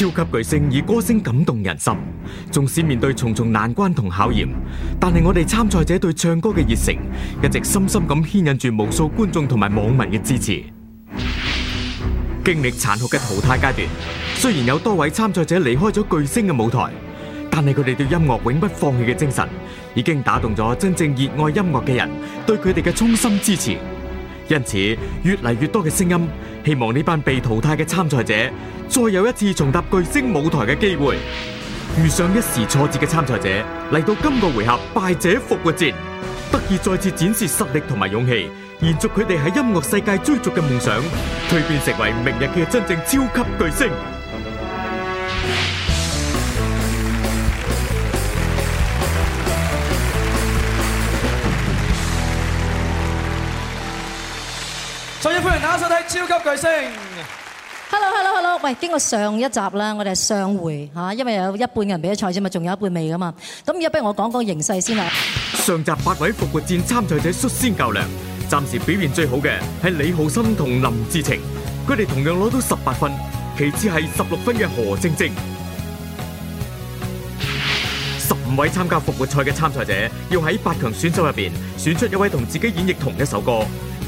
超級巨星以歌聲感動人心，縱使面對重重難關同考驗，但係我哋參賽者對唱歌嘅熱誠，一直深深咁牽引住無數觀眾同埋網民嘅支持。經歷殘酷嘅淘汰階段，雖然有多位參賽者離開咗巨星嘅舞台，但係佢哋對音樂永不放棄嘅精神，已經打動咗真正熱愛音樂嘅人對佢哋嘅衷心支持。因此，越嚟越多嘅聲音希望呢班被淘汰嘅參賽者再有一次重踏巨星舞台嘅機會。遇上一時挫折嘅參賽者嚟到今個回合敗者復活戰，得以再次展示實力同埋勇氣，延續佢哋喺音樂世界追逐嘅夢想，蛻變成為明日嘅真正超級巨星。再次歡迎大家收睇《超級巨星》。Hello，Hello，Hello！喂，經過上一集啦，我哋係上回吓，因為有一半人比咗賽先，咪仲有一半未㗎嘛。咁而家不如我講講形勢先啦。上集八位復活戰參賽者率先較量，暫時表現最好嘅係李浩森同林志晴，佢哋同樣攞到十八分，其次係十六分嘅何晶晶。十五位參加復活賽嘅參賽者，要喺八強選手入面選出一位同自己演繹同一首歌。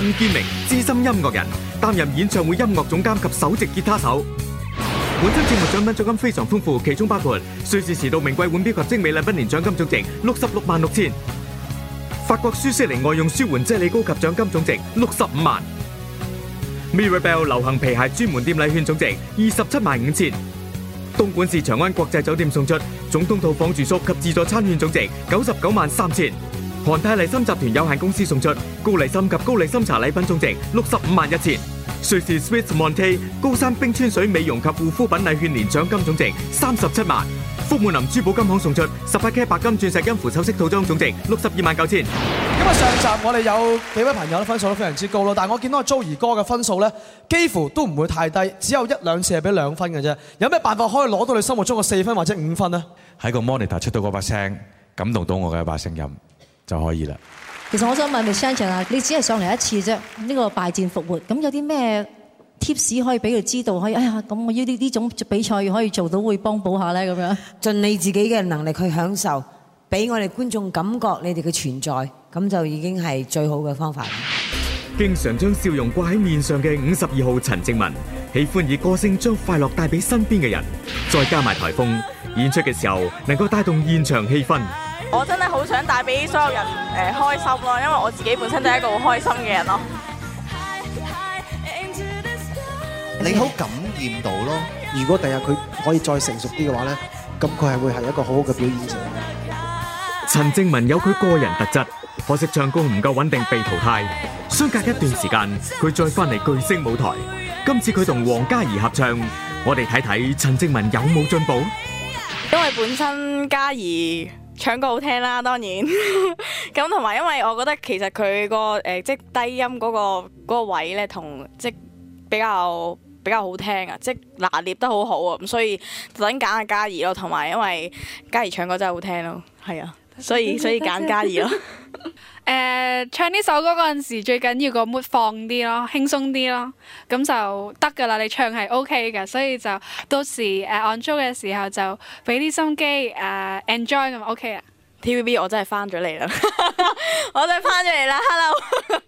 鄧建明資深音樂人，擔任演唱會音樂總監及首席吉他手。本周節目獎品獎金非常豐富，其中包括瑞士時度名貴腕表及精美禮品連獎金總值六十六萬六千；法國舒詩玲外用舒緩啫喱膏及獎金總值六十五萬；Mirabelle 流行皮鞋專門店禮券總值二十七萬五千；東莞市長安國際酒店送出總統套房住宿及自助餐券總值九十九萬三千。韓泰麗蔘集團有限公司送出高麗蔘及高麗蔘茶禮品總值六十五萬一千瑞士 Swiss Monti 高山冰川水美容及護膚品禮券年獎金總值三十七萬福滿林珠寶金行送出十八 K 白金鑽石金浮首飾套裝總值六十二萬九千。咁啊上集我哋有幾位朋友嘅分數都非常之高咯，但係我見到阿 Joey 哥嘅分數咧幾乎都唔會太低，只有一兩次係俾兩分嘅啫。有咩辦法可以攞到你心目中嘅四分或者五分呢？喺個 monitor 出到嗰把聲，感動到我嘅一把聲音。就可以啦。其實我想問 Michelle 啊，你只係上嚟一次啫，呢個敗戰復活，咁有啲咩 tips 可以俾佢知道？可以，哎呀，咁我要呢呢種比賽可以做到，會幫補下咧咁樣。盡你自己嘅能力去享受，俾我哋觀眾感覺你哋嘅存在，咁就已經係最好嘅方法。經常將笑容掛喺面上嘅五十二號陳靜文，喜歡以歌聲將快樂帶俾身邊嘅人，再加埋台風演出嘅時候，能夠帶動現場氣氛。我真係好想帶俾所有人誒開心咯，因為我自己本身就係一個好開心嘅人咯。你好感染到咯，如果第日佢可以再成熟啲嘅話咧，咁佢係會係一個好好嘅表演者。陳正文有佢個人特質，可惜唱功唔夠穩定，被淘汰。相隔一段時間，佢再翻嚟巨聲舞台。今次佢同王嘉儀合唱，我哋睇睇陳正文有冇進步。因為本身嘉儀。唱歌好聽啦，當然咁同埋， 還有因為我覺得其實佢，那個誒、呃、即係低音嗰，那個那個位咧，同即比較比較好聽啊，即係拿捏得好好啊，咁所以等登揀阿嘉怡咯，同埋因為嘉怡唱歌真係好聽咯，係啊。所以所以揀嘉怡咯。誒，唱呢首歌嗰陣時最緊要個 mood 放啲咯，輕鬆啲咯，咁就得㗎啦。你唱係 O K 嘅，所以就到時誒 on 騷嘅時候就俾啲心機誒、uh, enjoy 咁 O K 啊。TVB 我真係翻咗嚟啦， 我真係翻咗嚟啦，hello。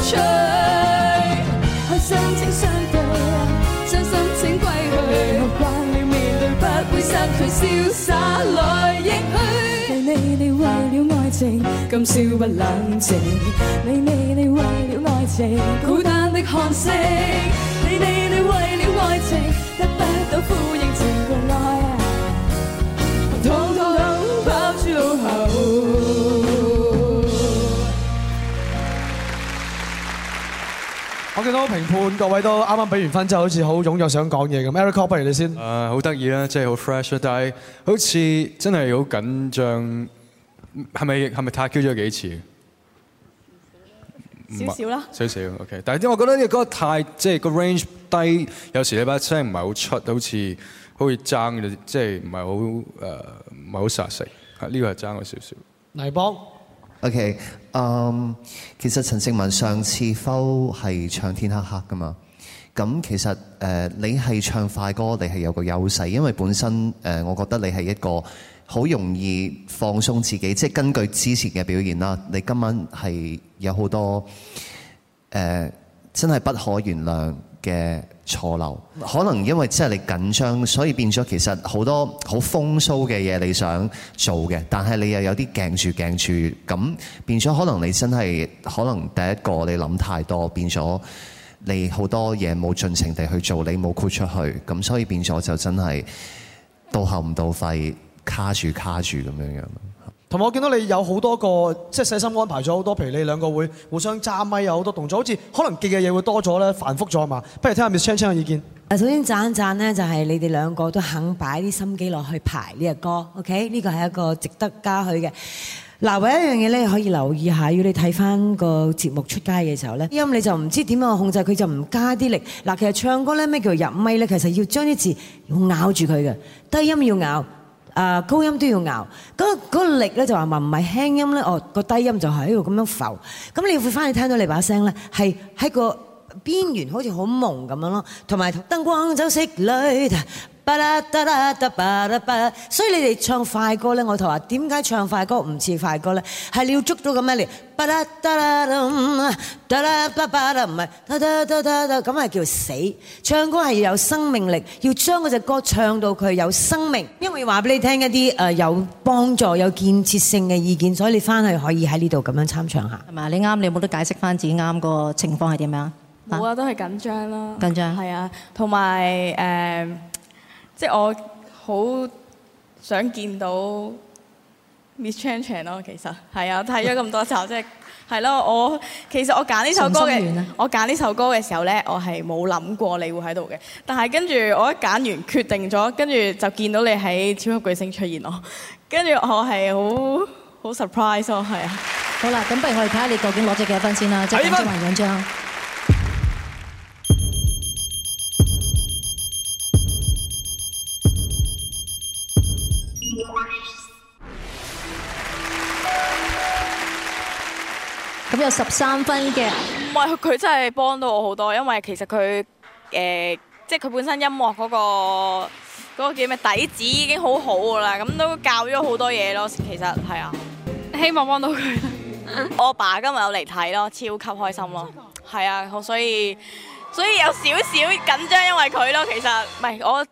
吹，開心請相對，傷心請歸去。無關你習慣了面對不失去，不會失去，瀟灑來應許。你你你為了愛情，今宵不冷靜。你你你為了愛情，孤單的看星。你你你為了愛情。多評判，各位都啱啱俾完分之後，就好似好踴躍想講嘢咁。Erico，c 不、uh, 如你先。誒，好得意啦，即係好 fresh 啊！但係好似真係好緊張，係咪係咪太 Q 咗幾次？少少啦，少少，少，少 OK。但係啲，我覺得啲歌太即係、個 range 低，有時你把聲唔係好出，都好似好似爭嘅，即係唔係好誒，唔係好殺食。啊、這個，呢個係爭咗少少。黎博。OK，嗯、um，其實陳靜文上次翻係唱天黑黑㗎嘛，咁其實誒、呃、你係唱快歌，你係有個優勢，因為本身誒、呃、我覺得你係一個好容易放鬆自己，即、就、係、是、根據之前嘅表現啦，你今晚係有好多誒、呃、真係不可原諒嘅錯漏，可能因為真係你緊張，所以變咗其實好多好風騷嘅嘢你想做嘅，但係你又有啲鏡住鏡住，咁變咗可能你真係可能第一個你諗太多，變咗你好多嘢冇盡情進程地去做，你冇豁出去，咁所以變咗就真係到喉唔到肺，卡住卡住咁樣。同埋我見到你有好多個，即係細心安排咗好多，譬如你兩個會互相揸咪，有好多動作，好似可能記嘅嘢會多咗咧，繁複咗嘛。不如聽下 Michelle 嘅意見。首先贊一贊咧，就係你哋兩個都肯擺啲心機落去排呢個歌，OK？呢個係一個值得嘉許嘅。嗱，唯一樣嘢咧可以留意下，要你睇翻個節目出街嘅時候咧，低音你就唔知點樣控制，佢就唔加啲力。嗱，其實唱歌咧咩叫入咪咧？其實要將啲字咬住佢嘅，低音要咬。啊，高音都要熬，嗰、嗰個力咧就話話唔係輕音咧，哦、個低音就係喺度咁樣浮，咁你會翻去聽到你把聲咧，係喺個邊緣好似好朦咁樣咯，同埋燈光走色裏。所以你哋唱快歌呢？我頭話點解唱快歌唔似快歌呢？係你要捉到咁樣嚟，唔係，咁係叫死。唱歌係要有生命力，要將嗰隻歌唱到佢有生命。因為話俾你聽一啲誒有幫助、有建設性嘅意見，所以你翻去可以喺呢度咁樣參詳下，係嘛？你啱，你有冇得解釋翻自己啱個情況係點樣？冇啊，都係緊張啦，緊張係啊，同埋誒。即係我好想見到 Miss Chan Chan,Miss Chan 咯， 其實係啊，睇咗咁多集，即係係咯。我其實我揀呢首歌嘅，我揀呢首歌嘅時候咧，我係冇諗過你會喺度嘅。但係跟住我一揀完決定咗，跟住就見到你喺《超級巨星》出現咯。跟住我係好好 surprise 咯，係啊。好啦，咁不如我哋睇下你究竟攞咗幾多分先啦。 即係點，緊唔緊張。有十三分嘅，唔係佢真係幫到我好多，因為其實佢誒、呃，即係佢本身音樂嗰個、嗰個叫咩底子已經好好噶啦，咁都教咗好多嘢咯。其實係啊，希望幫到佢。 我爸爸今日有嚟睇咯，超級開心咯，係啊，所以所以有少少緊張，因為佢咯，其實唔係我。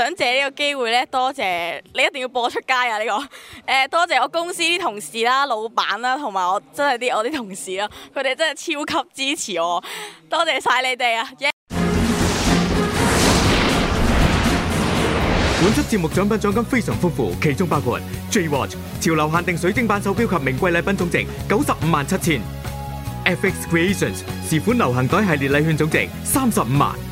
想借呢個機會咧，多謝你一定要播出街啊！呢個誒，多謝我公司啲同事啦、老闆啦，同埋我真係啲我啲同事呀，佢哋真係超級支持我，多謝晒你哋啊！本出節目獎品獎金非常豐富，其中包括 J Watch 潮流限定水晶版手錶及名貴禮品總值九十五萬七千，FX Creations 時款流行袋系列禮券總值三十五萬。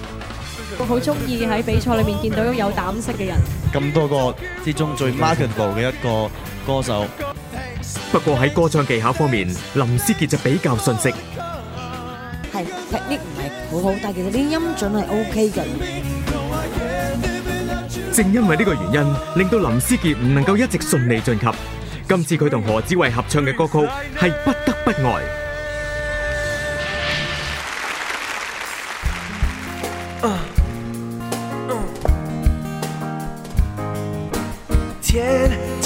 我好中意喺比賽裏面見到有膽識嘅人。咁多個之中最 marketable 嘅一個歌手。不過喺歌唱技巧方面，林思杰就比較遜色。係，其實呢唔係好好，但係其實啲音準係 OK 嘅。正因為呢個原因，令到林思杰唔能夠一直順利晉級。今次佢同何子偉合唱嘅歌曲係不得不愛。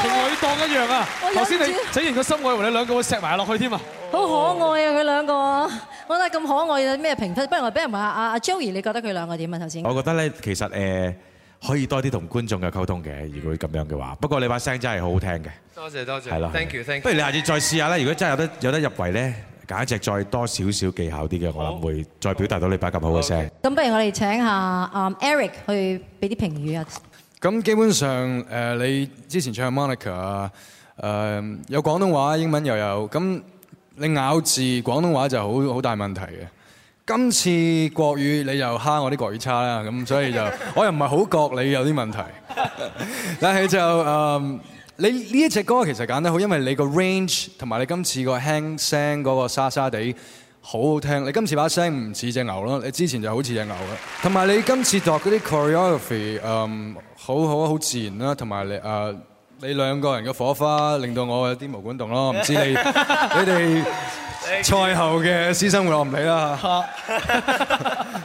情侶檔一樣啊！頭先你整完個心愛，我以為你兩個會錫埋落去添啊！好可愛啊！佢兩個，我覺得咁可愛有咩評分？不如我俾人問下阿阿 Joey，你覺得佢兩個點啊？頭先我覺得咧，其實誒可以多啲同觀眾嘅溝通嘅，嗯、如果咁樣嘅話。不過你把聲真係好好聽嘅，多謝多謝，係啦，Thank you，不如你下次再試下啦。如果真係有得有得入圍咧，揀一隻再多少少技巧啲嘅，我諗會再表達到你把咁好嘅聲。咁不如我哋請下阿 Eric 去俾啲評語啊！咁基本上誒、呃，你之前唱 Monica 啊、呃，有廣東話，英文又有，咁你咬字廣東話就好好大問題嘅。今次國語你就蝦我啲國語差啦，咁所以就 我又唔係好覺你有啲問題，但係就誒、呃，你呢一隻歌其實揀得好，因為你個 range 同埋你今次個輕聲嗰個沙沙地。好好聽，你今次把聲唔似隻牛咯，你之前就好似隻牛嘅，同埋你今次度嗰啲 choreography 嗯，好好好自然啦，同埋你誒、呃、你兩個人嘅火花令到我有啲毛管動咯，唔知你你哋賽後嘅私生活我唔起啦，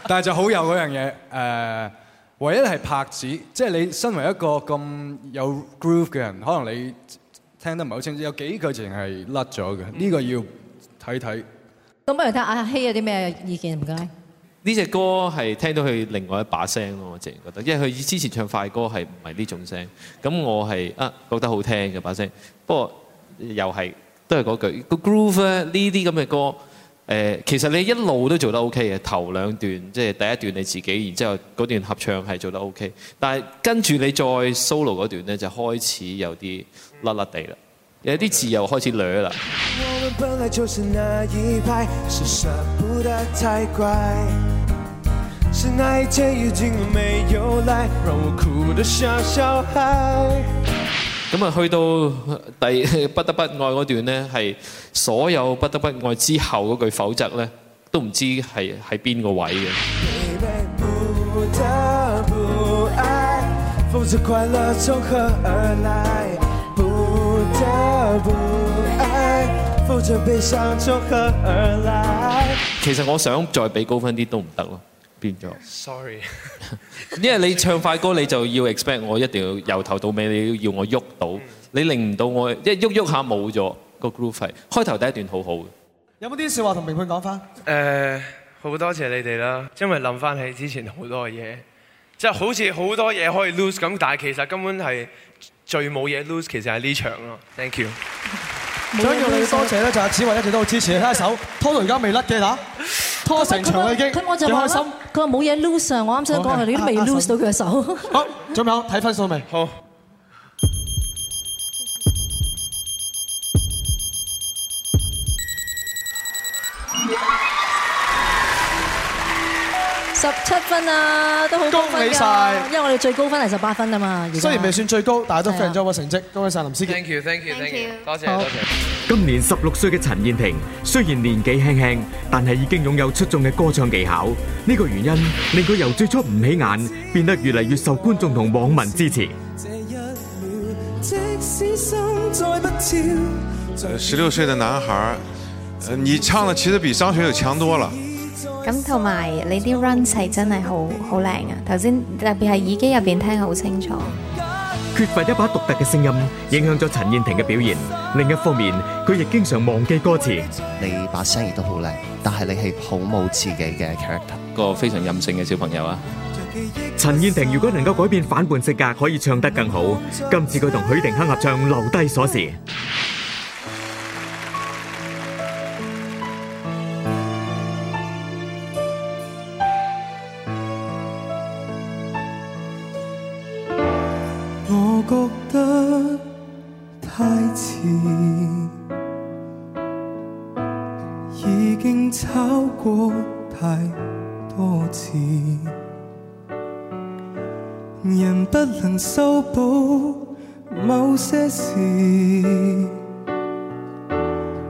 但係就好有嗰樣嘢誒、呃，唯一係拍子，即係你身為一個咁有 groove 嘅人，可能你聽得唔係好清楚，有幾句詞係甩咗嘅，呢、這個要睇睇。咁不如睇下阿希有啲咩意見唔該？呢隻歌係聽到佢另外一把聲咯，我淨係覺得，因為佢之前唱快歌係唔係呢種聲。咁我係啊覺得好聽嘅把聲，不過又係都係嗰句個 groove 呢啲咁嘅歌誒、啊呃，其實你一路都做得 OK 嘅，頭兩段即係第一段你自己，然之後嗰段合唱係做得 OK，但係跟住你再 solo 嗰段咧就開始有啲甩甩地啦。有啲字又開始攣啦。咁啊，小小去到第不得不愛嗰段呢，係所有不得不愛之後嗰句，否則呢，都唔知係喺邊個位嘅。Baby, 不得不愛否愛其實我想再俾高分啲都唔得咯，變咗。Sorry，因為你唱快歌你就要 expect 我一定要由頭到尾，你要我喐到，你令唔到我一喐喐下冇咗個 groove，開頭第一段好好嘅，有冇啲說話同評判講翻？誒，好多謝你哋啦，因為諗翻起之前多，就是、好多嘢，即係好似好多嘢可以 lose 咁，但係其實根本係。最冇嘢 lose 其實係呢場咯，thank you。想要你多謝咧就係子華一直都好支持你。睇下手，拖到而家未甩嘅打，拖成場已經。佢我就話咧，佢話冇嘢 lose 啊，我啱想講啊，你都未 lose 到佢嘅手。好，仲有睇分數未？好。啊，都好高分，因為我哋最高分係十八分啊嘛。雖然未算最高，但係都攢咗個成績，恭喜曬林思傑！Thank you, thank you, 多謝多謝。今年十六歲嘅陳燕婷，雖然年紀輕輕，但係已經擁有出眾嘅歌唱技巧。呢個原因令佢由最初唔起眼，變得越嚟越受觀眾同網民支持。十六歲嘅男孩，你唱得其實比張學友強多了。咁同埋你啲 run 係真係好好靚啊！頭先特別係耳機入邊聽得好清楚。缺乏一把獨特嘅聲音，影響咗陳燕婷嘅表現。另一方面，佢亦經常忘記歌詞。你把聲亦都好靚，但係你係好冇自己嘅 character，個非常任性嘅小朋友啊！陳燕婷如果能夠改變反叛性格，可以唱得更好。今次佢同許廷鏗合唱《留低鎖匙》。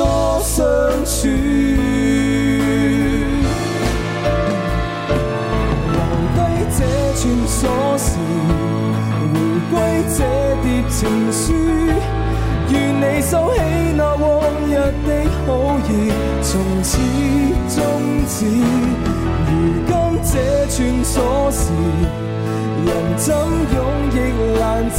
多相處，留低這串鎖匙，回歸這疊情書，願你收起那往日的好意，從此終止。如今這串鎖匙，人怎用亦難知。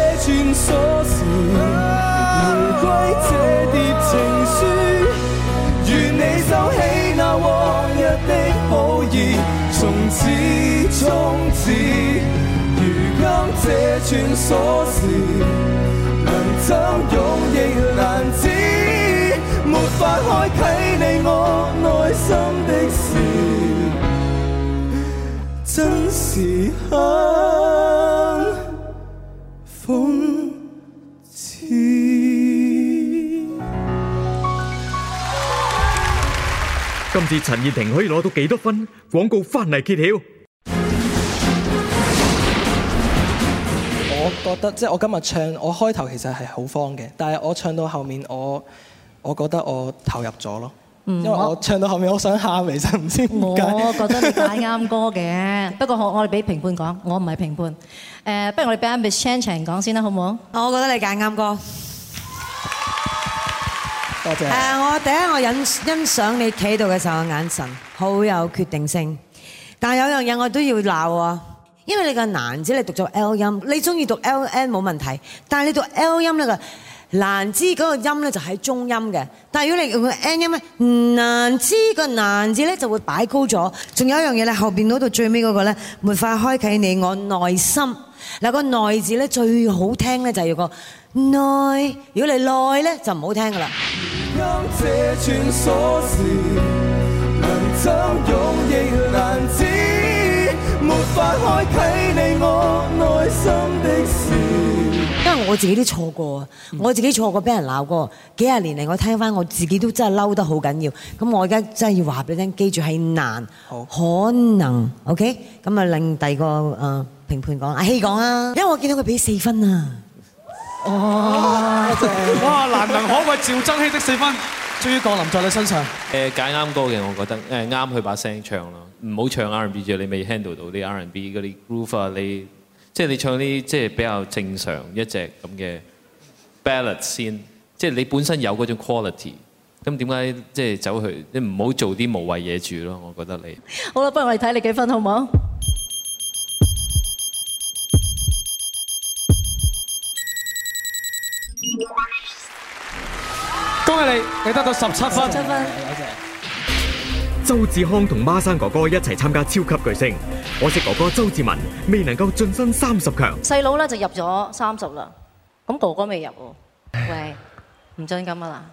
串鎖匙，回歸這疊情書。願你收起那往日的好意，從此終止。如今這串鎖匙，能相擁亦難止，沒法開啟你我內心的事，真是恨。今次陳燕婷可以攞到幾多分，廣告翻嚟揭曉？我覺得即係我今日唱，我開頭其實係好慌嘅，但係我唱到後面，我我覺得我投入咗咯，因為我唱到後面，我想喊，其實唔知我 我我我 Chen Chen。我覺得你揀啱歌嘅，不過我我哋俾評判講，我唔係評判。誒，不如我哋俾阿 Miss Chan Cheng 講先啦，好唔好？我覺得你揀啱歌。謝謝 uh, 我第一我欣欣賞你企喺度嘅時候眼神，好有決定性。但係有樣嘢我都要鬧喎，因為你個難字你讀咗 L 音，你中意讀 L N 冇問題。但係你讀 L 音呢個難字嗰個音呢就喺中音嘅。但係如果你用 N 音咧，難字個難字呢就會擺高咗。仲有一樣嘢呢，後面嗰度最尾嗰個呢，沒法開啟你我內心。嗱，個內字呢最好聽呢，就係要個。耐，如果你耐咧就唔好聽噶啦。有這串鎖匙，能通勇亦能知，無法開啟你我內心的事。因為我自己都錯過，嗯、我自己錯過俾人鬧過，幾廿年嚟我聽翻我自己都真係嬲得好緊要。咁我而家真係要話俾你聽，記住係難，可能 OK。咁啊，令第二個誒呃、評判講，阿希講啊，因為我見到佢俾四分啊。哦！哇，難能可貴，趙增熹的四分 終於降臨在你身上。誒揀啱歌嘅，我覺得誒啱佢把聲唱咯，唔好唱 R N B 住，你未 handle 到啲 R N B 嗰啲 groove 啊，你即係你唱啲即係比較正常一隻咁嘅 ballad 先，即係你本身有嗰種 quality，咁點解即係走去你唔好做啲無謂嘢住咯？我覺得你好啦，不如我哋睇你幾分好唔好？你得到十七分謝謝，七分，多謝。周志康同孖生哥哥一齊參加超級巨星，可惜哥哥周志文未能夠晉身三十強。細佬咧就入咗三十啦，咁哥哥未入喎。喂，唔進咁啊啦，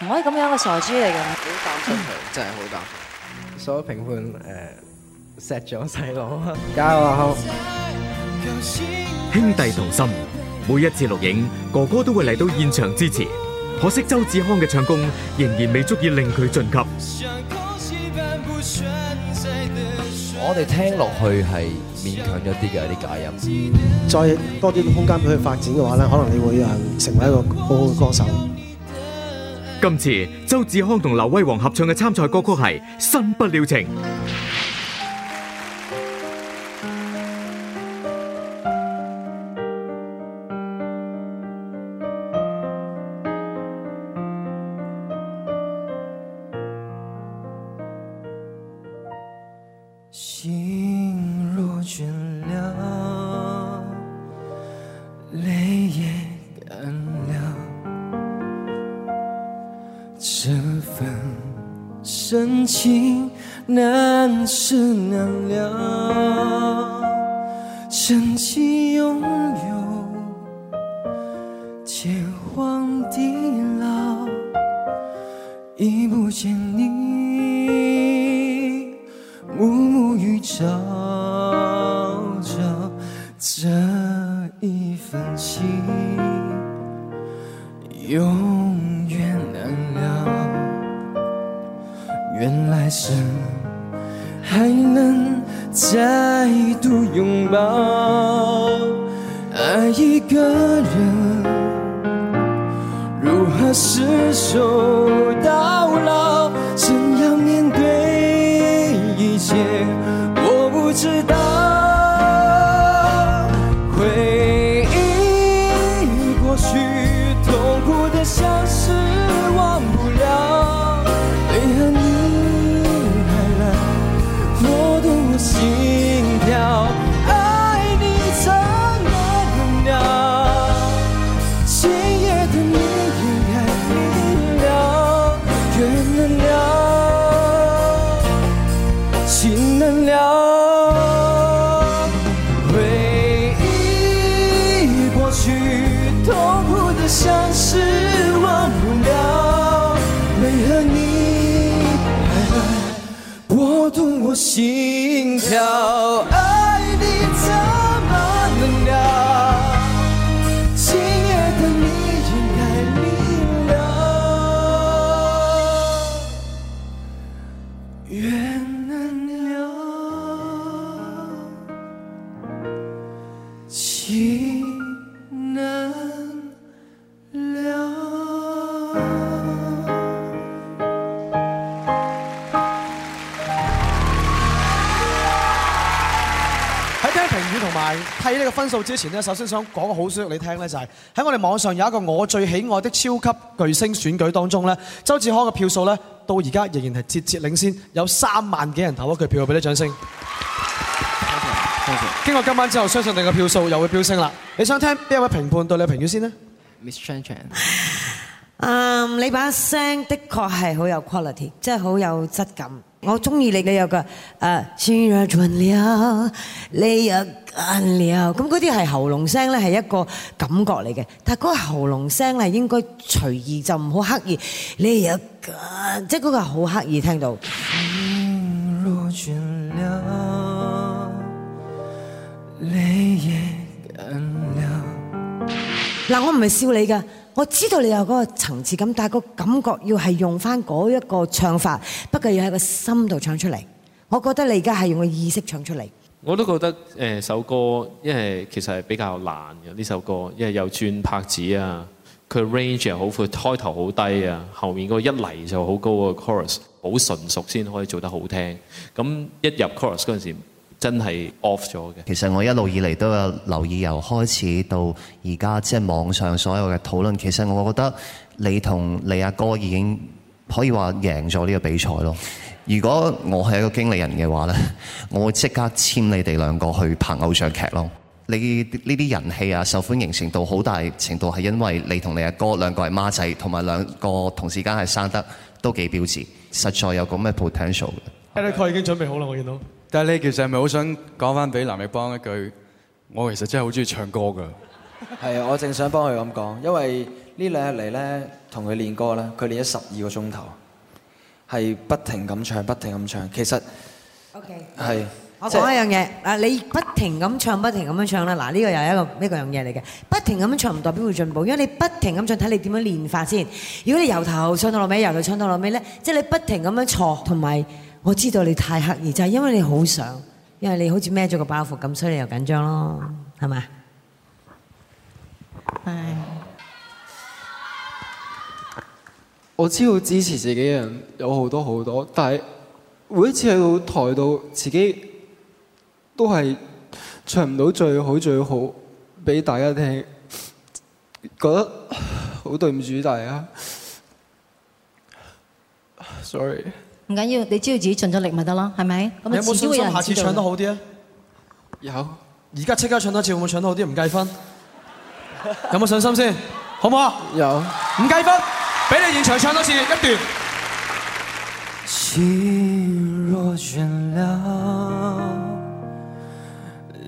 唔可以咁樣嘅傻豬嚟嘅。好膽出嚟，真係好膽。 所有評判誒錫咗細佬。加下好，兄弟同心，每一次錄影，哥哥都會嚟到現場支持。可惜周子康嘅唱功仍然未足以令佢晉級。我哋聽落去係勉強一啲嘅一啲假音。再多啲空間去發展嘅話咧，可能你會啊，成為一個好好嘅歌手。今次周子康同劉威王合唱嘅參賽歌曲係《新不了情》。數之前呢，首先想講個好消息畀你聽咧，就係、是、喺我哋網上有一個我最喜愛的超級巨星選舉當中咧，周志康嘅票數咧到而家仍然係節節領先，有三萬幾人投佢票，俾你掌聲。掌聲。多謝，多謝，謝。經過今晚之後，相信你嘅票數又會飆升啦。你想聽邊一位評判對你嘅評語先呢？Miss Chan Chan，嗯，um, 你把聲的確係好有 quality，即係好有質感。我中意你，你有個誒，煙若盡了，淚也乾了，咁嗰啲係喉嚨聲咧，係一個感覺嚟嘅。但係嗰個喉嚨聲咧，應該隨意就唔好刻意，你又乾，即係嗰個好刻意聽到。嗱，我唔係笑你㗎。我知道你有嗰個層次感，但係個感覺要係用翻嗰一個唱法，不過要喺個心度唱出嚟。我覺得你而家係用個意識唱出嚟，我都覺得誒、呃、首歌，因為其實係比較難嘅呢首歌，因為有轉拍子啊，佢 range 係好闊，開頭好低啊，後面個一嚟就好高個 chorus，好純熟先可以做得好聽。咁一入 chorus 嗰陣時。真係 off 咗嘅。其實我一路以嚟都有留意，由開始到而家，即係網上所有嘅討論。其實我覺得你同你阿哥已經可以話贏咗呢個比賽咯。如果我係一個經理人嘅話呢，我會即刻簽你哋兩個去拍偶像劇咯。你呢啲人氣啊、受歡迎程度好大程度係因為你同你阿哥兩個係孖仔，同埋兩個同時間係生得都幾標緻，實在有咁嘅 potential。a e c o 已經準備好啦，我見到。但係其實係咪好想講翻俾林力邦一句？我其實真係好中意唱歌㗎。係啊，我正想幫佢咁講，因為呢兩日嚟咧，同佢練歌咧，佢練咗十二個鐘頭，係不停咁唱，不停咁唱。其實，OK，係，我講一樣嘢，啊、就係，你不停咁唱，不停咁樣唱啦。嗱，呢個又係一個呢個樣嘢嚟嘅。不停咁樣唱唔代表會進步，因為你不停咁唱，睇你點樣練法先。如果你由頭唱到落尾，由佢唱到落尾咧，即係你不停咁樣錯同埋。我知道你太刻意，就係因為你好想，因為你好似孭咗個包袱咁，所以你又緊張咯，係咪？係。我知道支持自己嘅人有好多好多，但係每一次去到台度自己都係唱唔到最好最好俾大家聽，覺得好對唔住大家，sorry。唔緊要，你知道自己盡咗力咪得咯，係咪咁啊？有冇信心下次，有下次唱得好啲啊？有，而家即刻唱多次會唔會唱得好啲？唔計分， 有冇信心先？好唔好？有，唔計分，俾你現場唱多次一段。心若倦了，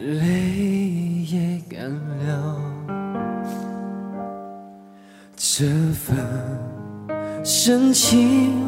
淚也乾了，這份深情。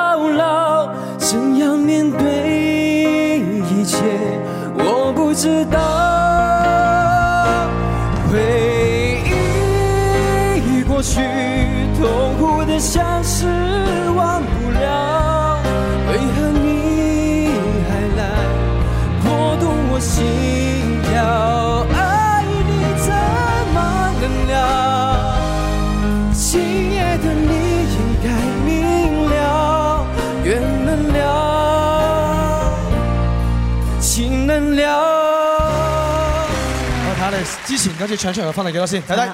前嗰次唱出嚟嘅分係幾多先？睇睇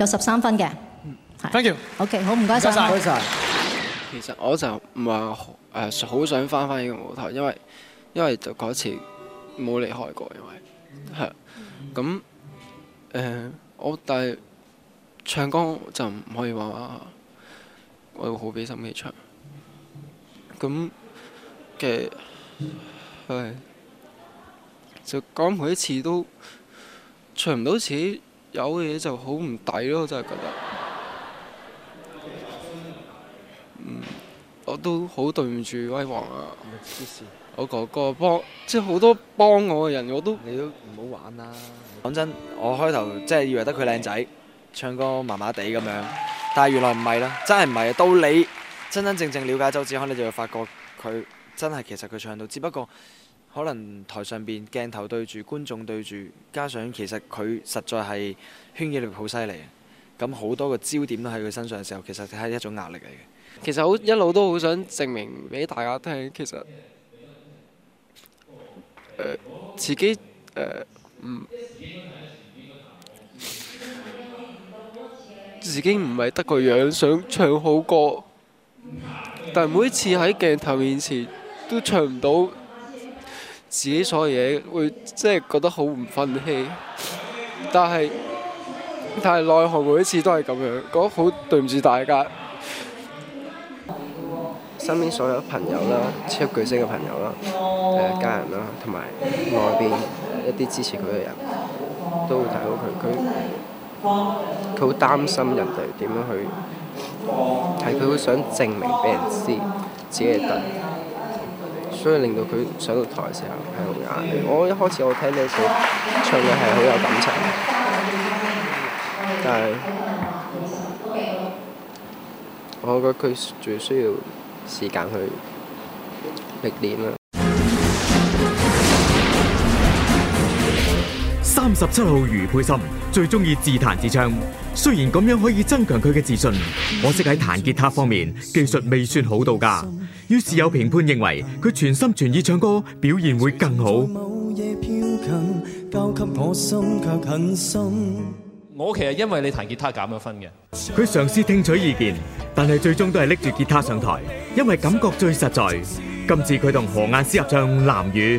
有十三分嘅、嗯。Thank you okay。O K，好唔該晒。其實我就唔係好想返返呢個舞台，因為因為就嗰次冇離開過，因為咁誒、呃，我但係唱歌就唔可以話我好俾心機唱。咁嘅唉，就講每一次都唱唔到詞，有嘢就好唔抵咯，我真係覺得。 嗯，我都好對唔住威皇啊！ 我哥哥幫即係好多幫我嘅人，我都你都唔好玩啦！講真，我開頭真係以為得佢靚仔， 唱歌麻麻地咁樣，但係原來唔係啦，真係唔係到你。真真正正了解周子康，你就會發覺佢真係。其實佢唱到，只不過可能台上邊鏡頭對住觀眾對住，加上其實佢實在係圈嘅力好犀利，咁好多個焦點都喺佢身上嘅時候，其實係一種壓力嚟嘅。其實好一路都好想證明俾大家聽，其實、呃、自己誒唔、呃嗯、自己唔係得個樣，想唱好歌。但每次喺鏡頭面前都唱唔到自己所有嘢，會即係覺得好唔憤氣。但係但係奈何每一次都係咁樣，覺得好對唔住大家身邊所有朋友啦，超巨星嘅朋友啦，家人啦，同埋外邊一啲支持佢嘅人，都會睇到佢，佢佢好擔心人哋點樣去。係佢會想證明俾人知自己係得，所以令到佢上到台嘅時候係好壓力。我一開始我聽到佢唱嘅係好有感情，但係我覺得佢最需要時間去歷練啦。三十七號余佩心最中意自彈自唱，雖然咁樣可以增強佢嘅自信，可惜喺彈吉他方面技術未算好到家。於是有評判認為佢全心全意唱歌表現會更好。我其實因為你彈吉他減咗分嘅。佢嘗試聽取意見，但係最終都係拎住吉他上台，因為感覺最實在。今次佢同何雁詩合唱《藍雨》。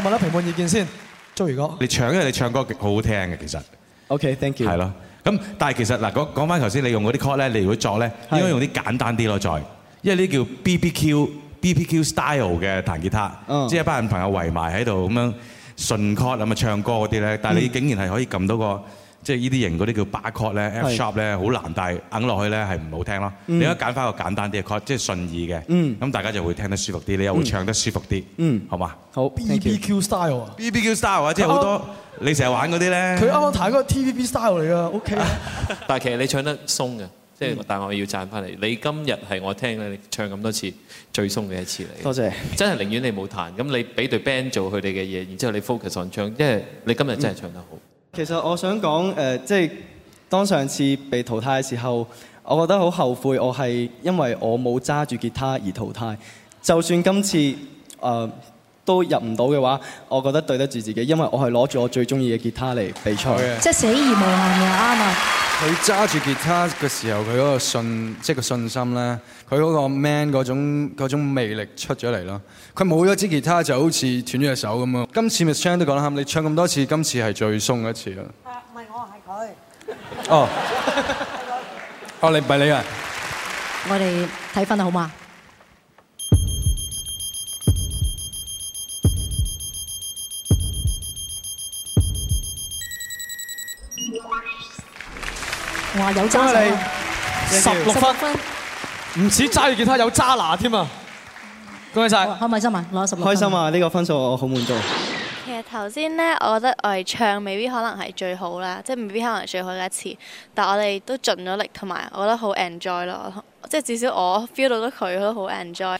問下啦，評判意見先。周宇哥，你唱因為你唱歌極好好聽嘅，其實。OK，thank you。係咯，咁但係其實嗱，講講翻頭先，你用嗰啲 cord 咧，你如果作咧，應該用啲簡單啲咯。再，因為呢啲叫 B B Q B B Q style 嘅彈吉他，即係一班人朋友圍埋喺度咁樣順 cord 啊，咪唱歌嗰啲咧。但係你竟然係可以撳到個。即係呢啲型嗰啲叫 bar chord 咧，F sharp 咧好難，但係揞落去咧係唔好聽咯。Mm. 你而家揀翻個簡單啲嘅，即係順耳嘅，咁大家就會聽得舒服啲，你又會唱得舒服啲、mm.，好嘛？好 B B Q style，B B Q style 即係好多、oh. 你成日玩嗰啲咧。佢啱啱彈嗰個 T V B style 嚟㗎，O K。但係其實你唱得鬆嘅，即、mm. 係但係我要讚翻你。你今日係我聽你唱咁多次最鬆嘅一次嚟。多謝，真係寧願你冇彈，咁你俾對 band 做佢哋嘅嘢，然之後你 focus on 唱，因為你今日真係唱得好。Mm. 其實我想講誒，即係當上次被淘汰嘅時候，我覺得好後悔，我係因為我冇揸住吉他而淘汰。就算今次誒、呃、都入唔到嘅話，我覺得對得住自己，因為我係攞住我最鍾意嘅吉他嚟比賽。即、係、死而無憾啱啊！佢揸住吉他嘅時候，佢嗰個信，即係個信心咧，佢嗰個 man 嗰種嗰種魅力出咗嚟咯。佢冇咗支吉他，就好似斷咗隻手咁咯。今次 Miss Chan 都講得啱，你唱咁多次，今次係最鬆一次啦。唔、啊、係我係佢。哦、oh. oh,，哦，你唔係你啊？我哋睇分啦，好嘛？哇！有揸你，十六分，唔 止揸住吉他，有渣拿添啊！恭喜晒！開唔開心啊？攞十六，開心啊！呢個分數我好滿足。其實頭先呢，我覺得我哋唱未必可能係最好啦，即係未必可能係最好嘅一次，但係我哋都盡咗力，同埋我覺得好 enjoy 咯。即係至少我 feel 到得佢都好 enjoy。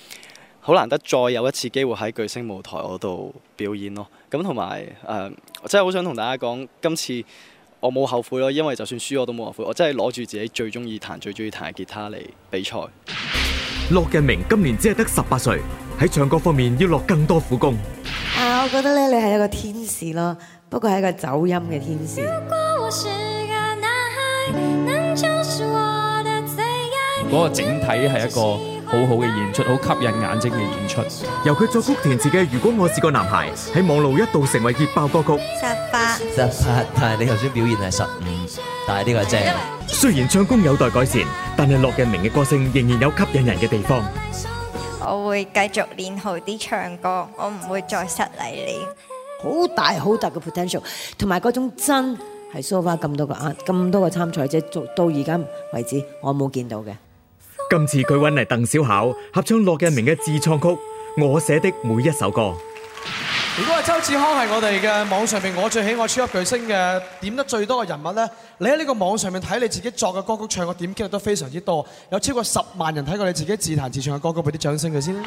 好難得再有一次機會喺巨星舞台嗰度表演咯。咁同埋誒，我真係好想同大家講今次。我冇後悔咯，因為就算輸我都冇後悔，我真係攞住自己最中意彈、最中意彈嘅吉他嚟比賽。駱日明今年只係得十八歲，喺唱歌方面要落更多苦功。啊，我覺得咧你係一個天使咯，不過係一個走音嘅天使。如果我是個男孩，能就是我的最愛，嗰個那個整體係一個。好好嘅演出，好吸引眼睛嘅演出。由佢作曲填詞嘅《如果我是個男孩》，喺網絡一度成為熱爆歌曲。十八，十八，但係你頭先表現，係十五，但係呢個正。雖然唱功有待改善，但係駱人明嘅歌聲仍然有吸引人嘅地方。我會繼續練好啲唱歌，我唔會再失禮你。好大好大嘅 potential，同埋嗰種真係 so far 咁多個啊，咁多個參賽者做到而家為止，我冇見到嘅。.今次佢揾嚟鄧小巧，合唱羅藝明嘅自創曲《我寫的每一首歌》。如果話周子康係我哋嘅網上面我最喜愛超級巨星嘅點得最多嘅人物咧，你喺呢個網上面睇你自己作嘅歌曲唱嘅點擊率都非常之多，有超過十萬人睇過你自己自彈自唱嘅歌曲，俾啲掌聲佢先。多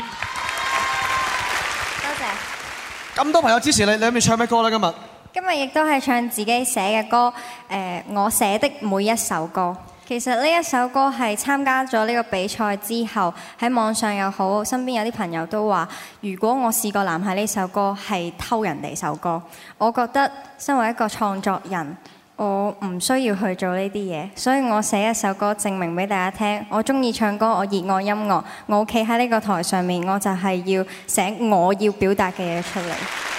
謝，謝。咁多朋友支持你，你諗住唱咩歌咧？今日？今日亦都係唱自己寫嘅歌，誒，我寫的每一首歌。其實呢一首歌係參加咗呢個比賽之後，喺網上又好，身邊有啲朋友都話：如果我試過《男孩》呢首歌係偷人哋首歌，我覺得身為一個創作人，我唔需要去做呢啲嘢，所以我寫一首歌證明俾大家聽。我鍾意唱歌，我熱愛音樂，我企喺呢個台上面，我就係要寫我要表達嘅嘢出嚟。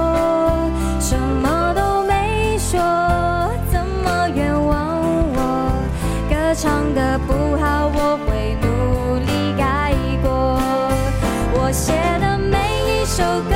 唱得不好，我會努力改過。我寫的每一首歌。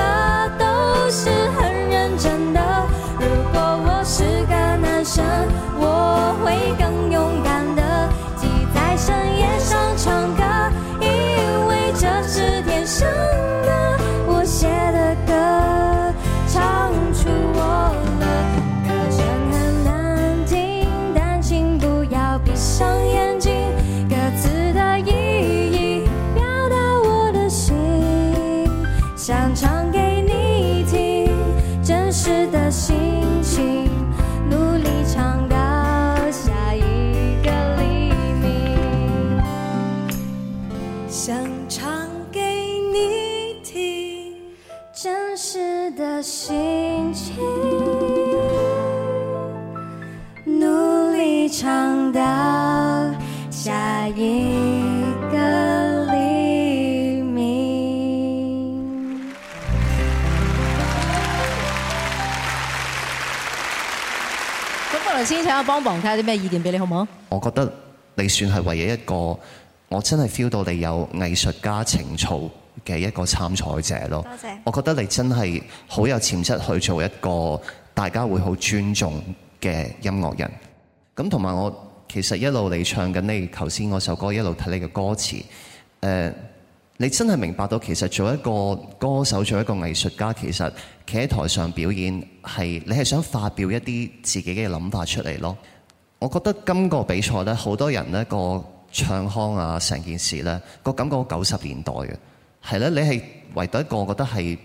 幫忙睇下啲咩意見俾你好唔好？我覺得你算係唯一一個，我真係 feel 到你有藝術家情操嘅一個參賽者咯。多謝。我覺得你真係好有潛質去做一個大家會好尊重嘅音樂人。咁同埋我其實一路嚟唱緊你頭先嗰首歌，一路睇你嘅歌詞，呃你真係明白到，其實做一個歌手，做一個藝術家，其實企喺台上表演係，你係想發表一啲自己嘅諗法出嚟囉。我覺得今個比賽呢，好多人呢個唱腔啊，成件事呢個感覺九十年代嘅，係呢，你係唯獨一個我覺得係。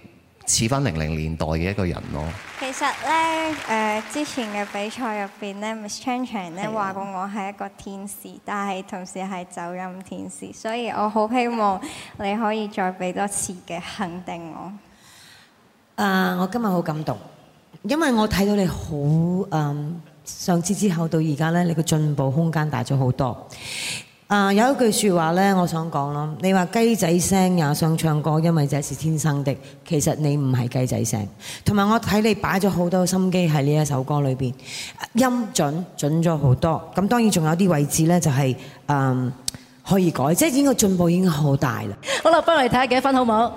似翻零零年代嘅一個人咯。其實呢，之前嘅比賽入邊咧，Miss Chang 呢話過我係一個天使，但係同時係走音天使，所以我好希望你可以再俾多次嘅肯定我。誒，我今日好感動，因為我睇到你好，誒，上次之後到而家呢，你嘅進步空間大咗好多。啊，有一句說話呢，我想講咯。你話雞仔聲也想唱歌，因為這是天生的。其實你唔係雞仔聲，同埋我睇你擺咗好多心機喺呢一首歌裏面，音準準咗好多。咁當然仲有啲位置呢、就係，就、嗯、係可以改，即係已經嘅進步已經好大啦。好啦，翻嚟睇下幾分好唔好？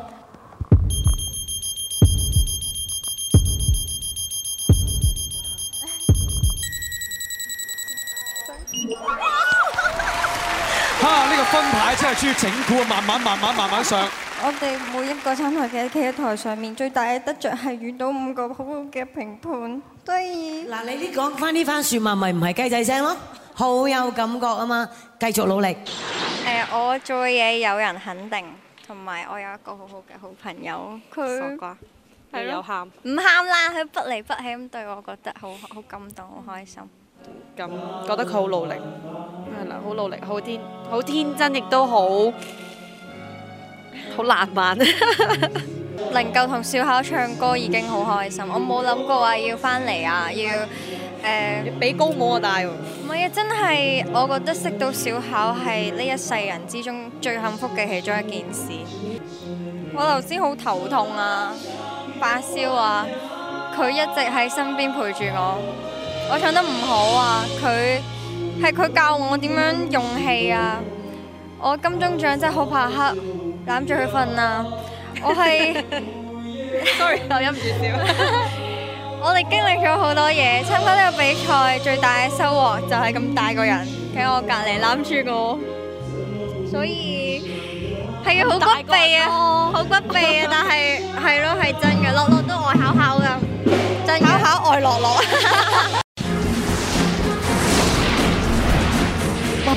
珠整蠱啊，慢慢、慢慢、慢慢上。我哋每一個參賽嘅企喺台上面，最大嘅得著係遇到五個好好嘅評判，所以嗱，你啲講返呢番說話嘛，咪唔係雞仔聲咯，好有感覺啊嘛！繼續努力。誒，我做嘢有人肯定，同埋我有一個好好嘅好朋友，佢傻瓜，係有喊。唔喊啦，佢不離不棄咁對我，覺得好好感動，好開心。咁覺得佢好努力，係啦，好努力，好天，好天真，亦都好好浪漫。能夠同小巧唱歌已經好開心，我冇諗過話要翻嚟啊，要誒、呃、俾高帽我戴。唔係啊，真係我覺得識到小巧係呢一世人之中最幸福嘅其中一件事。我頭先好頭痛啊，發燒啊，佢一直喺身邊陪住我。我唱得唔好啊！佢係佢教我點樣用氣啊！我金鐘獎真係好怕黑，攬住佢瞓啊！我係 sorry，我忍唔住笑。 我哋經歷咗好多嘢，參加呢個比賽，最大嘅收穫就係咁大個人企我隔籬攬住我，所以係啊，好骨鼻啊，好骨鼻啊！但係係咯，係真嘅，落落都愛考考咁，考考愛落落。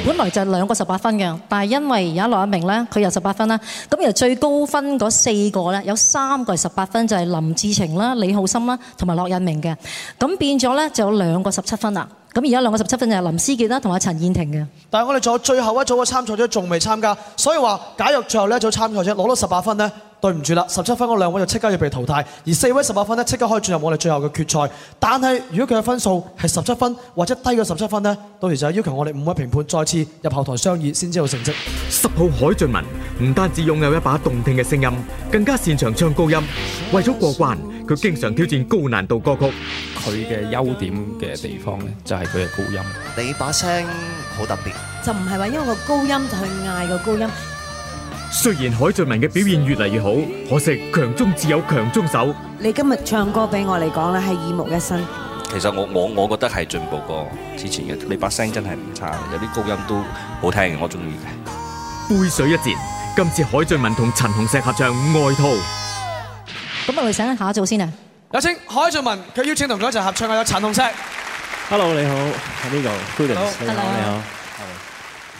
本來就係兩個十八分嘅，但係因為而家羅一明咧，佢又十八分啦。咁而最高分嗰四個咧，有三個係十八分，就係、是、林志晴啦、李浩森啦同埋羅尹明嘅。咁變咗咧就有兩個十七分啦。咁而家兩個十七分就係林思傑啦同埋陳燕婷嘅。但係我哋仲有最後一組嘅參賽者仲未參加，所以話假若最後呢一組參賽者攞到十八分咧，對唔住啦，十七分嗰兩位就即刻要被淘汰，而四位十八分呢，即刻可以進入我哋最後嘅決賽。但係如果佢嘅分數係十七分或者低過十七分呢，到時就要求我哋五位評判再次入後台商議先知道成績。十號海俊文唔單止擁有一把動聽嘅聲音，更加擅長唱高音。為咗過關，佢經常挑戰高難度歌曲。佢嘅優點嘅地方咧，就係佢嘅高音。你把聲好特別，就唔係話因為個高音就去嗌個高音。雖然海俊文嘅表現越嚟越好，可惜強中自有強中手。你今日唱歌俾我嚟講啦，係耳目一新。其實我我我覺得係進步過之前嘅，你把聲真係唔差，有啲高音都好聽，我中意嘅。背水一戰，今次海俊文同陳鴻石合唱《外套》。咁啊，請下一組先啊。有請海俊文，佢邀請同佢一齊合唱嘅有陳鴻石 Hello，你好，係呢，Goodness，Hello，你好。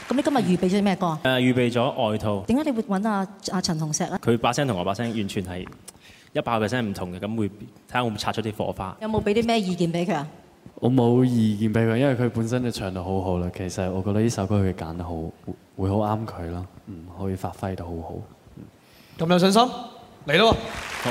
咁你今日預備咗啲咩歌？誒預備咗外套。點解你會揾阿阿陳紅石咧？佢把聲同我把聲完全係一百 percent 唔同嘅，咁會睇下會唔會擦出啲火花？有冇俾啲咩意見俾佢啊？我冇意見俾佢，因為佢本身就唱得好好啦。其實我覺得呢首歌佢揀得好，會好啱佢咯。唔可以發揮得好好。咁有信心，嚟咯！好！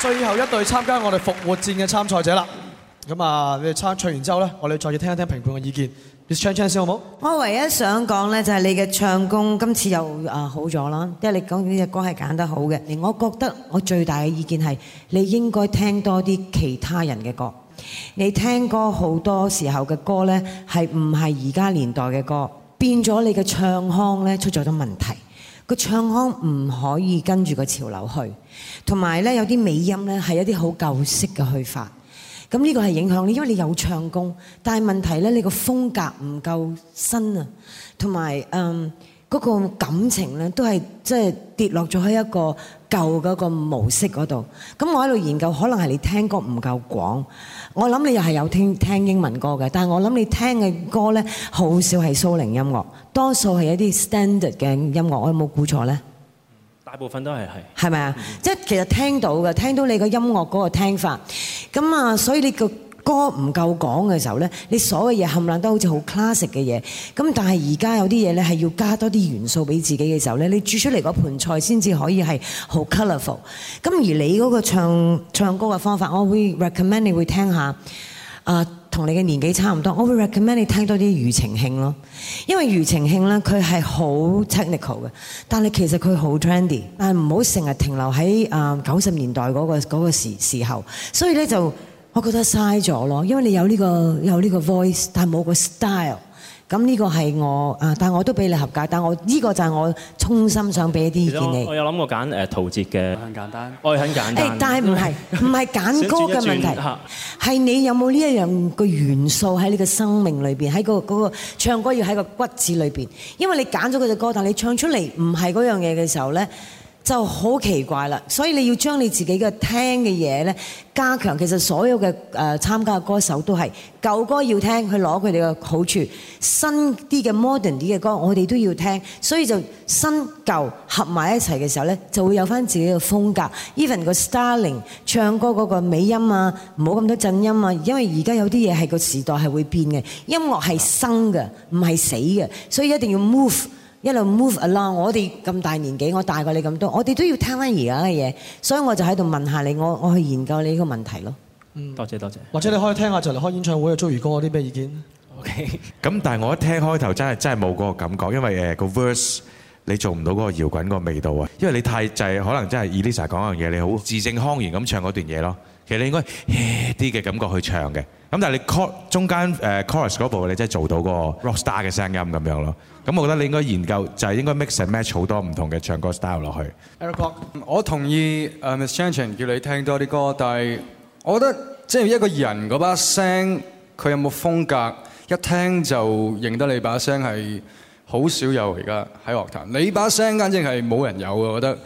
最後一隊參加我哋復活戰嘅參賽者啦，咁啊，你哋唱唱完之後呢，我哋再要聽一聽評判嘅意見，你唱一唱先好唔好？我唯一想講呢，就係你嘅唱功今次又啊好咗啦，因為你講完呢隻歌係揀得好嘅。我覺得我最大嘅意見係，你應該聽多啲其他人嘅歌。你聽歌好多時候嘅歌呢，係唔係而家年代嘅歌，變咗你嘅唱腔呢，出咗啲問題。個唱腔唔可以跟住個潮流去，同埋呢有啲尾音呢係一啲好舊式嘅去法，噉呢個係影響你，因為你有唱功，但係問題呢你個風格唔夠新啊，同埋嗯。嗰個感情咧，都係即係跌落咗喺一個舊嗰個模式嗰度。咁我喺度研究，可能係你聽歌唔夠廣。我諗你又係有聽聽英文歌嘅，但係我諗你聽嘅歌咧，好少係騷靈音樂，多數係一啲 standard 嘅音樂。我有冇估錯咧？大部分都係係。係咪啊？即係其實聽到嘅，聽到你個音樂嗰個聽法。咁啊，所以你個歌唔夠講嘅時候呢，你所有嘢冚唪唥都好似好 classic 嘅嘢。咁但係而家有啲嘢呢，係要加多啲元素俾自己嘅時候呢，你煮出嚟嗰盤菜先至可以係好 colourful。咁而你嗰個唱唱歌嘅方法，我會 recommend 你會聽下。啊、呃，同你嘅年紀差唔多，我會 recommend 你聽多啲庾澄慶咯。因為庾澄慶呢，佢係好 technical 嘅，但係其實佢好 trendy。但係唔好成日停留喺啊九十年代嗰、嗰個嗰、嗰個時時候。所以呢，就。我覺得嘥咗咯，因為你有呢個有呢個 voice，但係冇個 style。咁呢個係我啊，但我都俾你合格。但我呢個就係我衷心想俾一啲意見你。我，我有諗過揀誒陶喆嘅，我很簡單，愛很簡單。但係唔係唔係揀歌嘅問題，係你有冇呢一樣嘅元素喺你嘅生命裏邊，喺個嗰個唱歌要喺個骨子裏邊。因為你揀咗佢隻歌，但係你唱出嚟唔係嗰樣嘢嘅時候咧。就好奇怪啦，所以你要將你自己嘅聽嘅嘢咧加強。其實所有嘅誒、呃、參加嘅歌手都係舊歌要聽，佢攞佢哋嘅好處；新啲嘅 modern 啲嘅歌，我哋都要聽。所以就新舊合埋一齊嘅時候咧，就會有翻自己嘅風格。even 個 starling 唱歌嗰個尾音啊，唔好咁多震音啊。因為而家有啲嘢係個時代係會變嘅，音樂係生嘅，唔係死嘅，所以一定要 move。一路 move along，我哋咁大年紀，我大過你咁多，我哋都要聽翻而家嘅嘢，所以我就喺度問下你，我我去研究你呢個問題咯。嗯、多謝多謝，多謝。或者你可以聽下就嚟開演唱會嘅周瑜哥啲咩意見？OK。咁但係我一聽開頭真係真係冇嗰個感覺，因為誒、個 verse 你做唔到嗰個搖滾個味道啊，因為你太就係、可能真係 Elisa 講樣嘢，你好字正腔圓咁唱嗰段嘢咯。其實你應該 heat 啲嘅感覺去唱嘅。咁但係你 chor，中間誒、uh, chorus 嗰部你真係做到個 rock star 嘅聲音咁樣咯。咁我覺得你應該研究就係、是、應該 mix and match 好多唔同嘅唱歌 style 落去。Eric，、Kock、我同意誒 Miss Chan Chan 叫你聽多啲歌，但係我覺得即係一個人嗰把聲，佢有冇風格，一聽就認得你把聲，係好少有而家喺樂壇，你把聲簡直係冇人有啊！我覺得，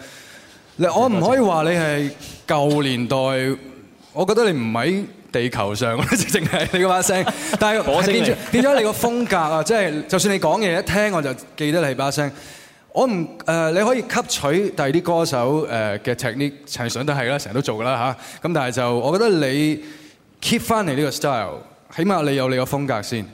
嗱，我唔可以話你係舊年代，我覺得你唔係。地球上啊，淨 係你個把聲，但係變咗變咗你個風格啊！即 係、就是、就算你講嘢，一聽我就記得你把聲。我唔你可以吸取，第二啲歌手誒嘅 technique 唱想都係啦，成日都做㗎啦吓，咁但係就我覺得你 keep 翻嚟呢個 style，起碼你有你個風格先。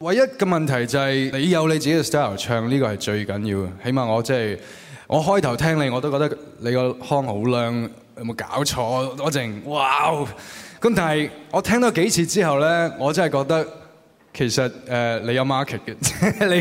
唯一嘅問題就係你有你自己嘅 style 唱呢個係最緊要嘅。起碼我即、就、係、是、我開頭聽你我都覺得你個腔好靚，有冇搞錯？我靜，哇！咁但係我聽多幾次之後咧，我真係覺得其實誒你有 market 嘅、 即係。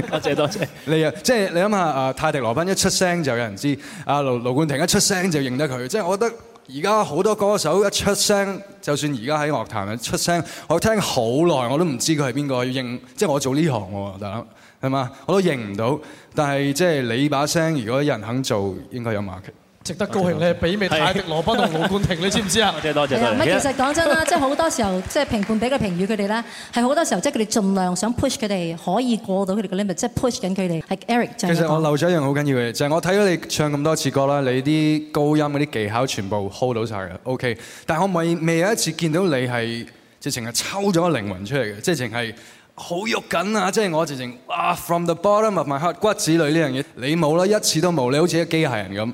你多謝多謝。你啊，即係你諗下啊，泰迪羅賓一出聲就有人知，阿盧冠廷一出聲就認得佢。即係我覺得而家好多歌手一出聲，就算而家喺樂壇啊出聲，我聽好耐我都唔知佢係邊個，要認即係我做呢行喎，大佬係嘛，我都認唔到。但係即係你把聲，如果有人肯做，應該有 market。值得高興，謝謝謝謝你係比美泰迪羅賓同盧冠廷，你知唔知啊？多謝，其實講真啦，即係好多時候，即係評判俾個評語，佢哋咧係好多時候，即係佢哋盡量想 push 佢哋可以過到佢哋嘅 limit，即係 push 緊佢哋。係 Eric，其實我漏咗一樣好緊要嘅，就係、是、我睇到你唱咁多次歌啦，你啲高音嗰啲技巧全部 hold 到晒嘅，OK。但係我未未有一次見到你係直情係抽咗個靈魂出嚟嘅，直情係好喐緊啊！即係、就是、我直情哇，From the bottom of my heart，骨子裡呢樣嘢，你冇啦，一次都冇，你好似個機械人咁。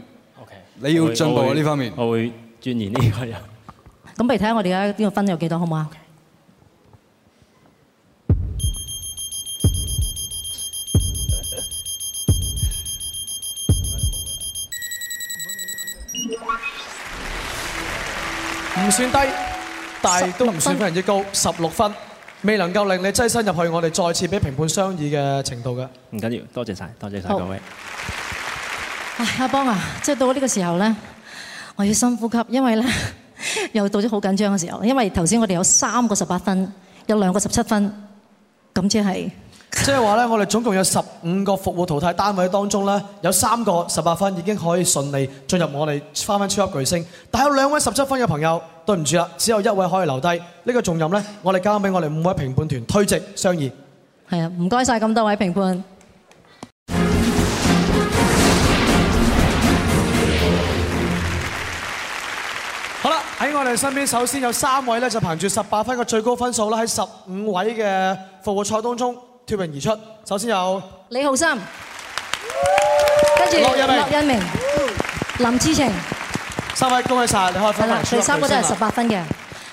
你要進步喎呢方面，我會鑽研呢個人。咁，不如睇下我哋而家呢個分有幾多，好唔好啊？唔算低，但係都唔算非常之高，十六分，未能夠令你躋身入去我哋再次俾評判商議嘅程度嘅。唔緊要，多謝晒，多謝晒各位。阿邦啊，即係到呢個時候咧，我要深呼吸，因為咧又到咗好緊張嘅時候，因為頭先我哋有三個十八分，有兩個十七分，咁即係即係話咧，我哋總共有十五個服務淘汰單位當中咧，有三個十八分已經可以順利進入我哋翻翻超級巨星，但係有兩位十七分嘅朋友，對唔住啦，只有一位可以留低。呢個重任咧，我哋交俾我哋五位評判團推席商議。係啊，唔該晒咁多位評判。喺我哋身邊，首先有三位咧就憑住十八分嘅最高分數啦，喺十五位嘅復活賽當中脫穎而出。首先有李浩森，跟住陸一明、林志晴，三位恭喜晒，你開分啦，第三個都係十八分嘅。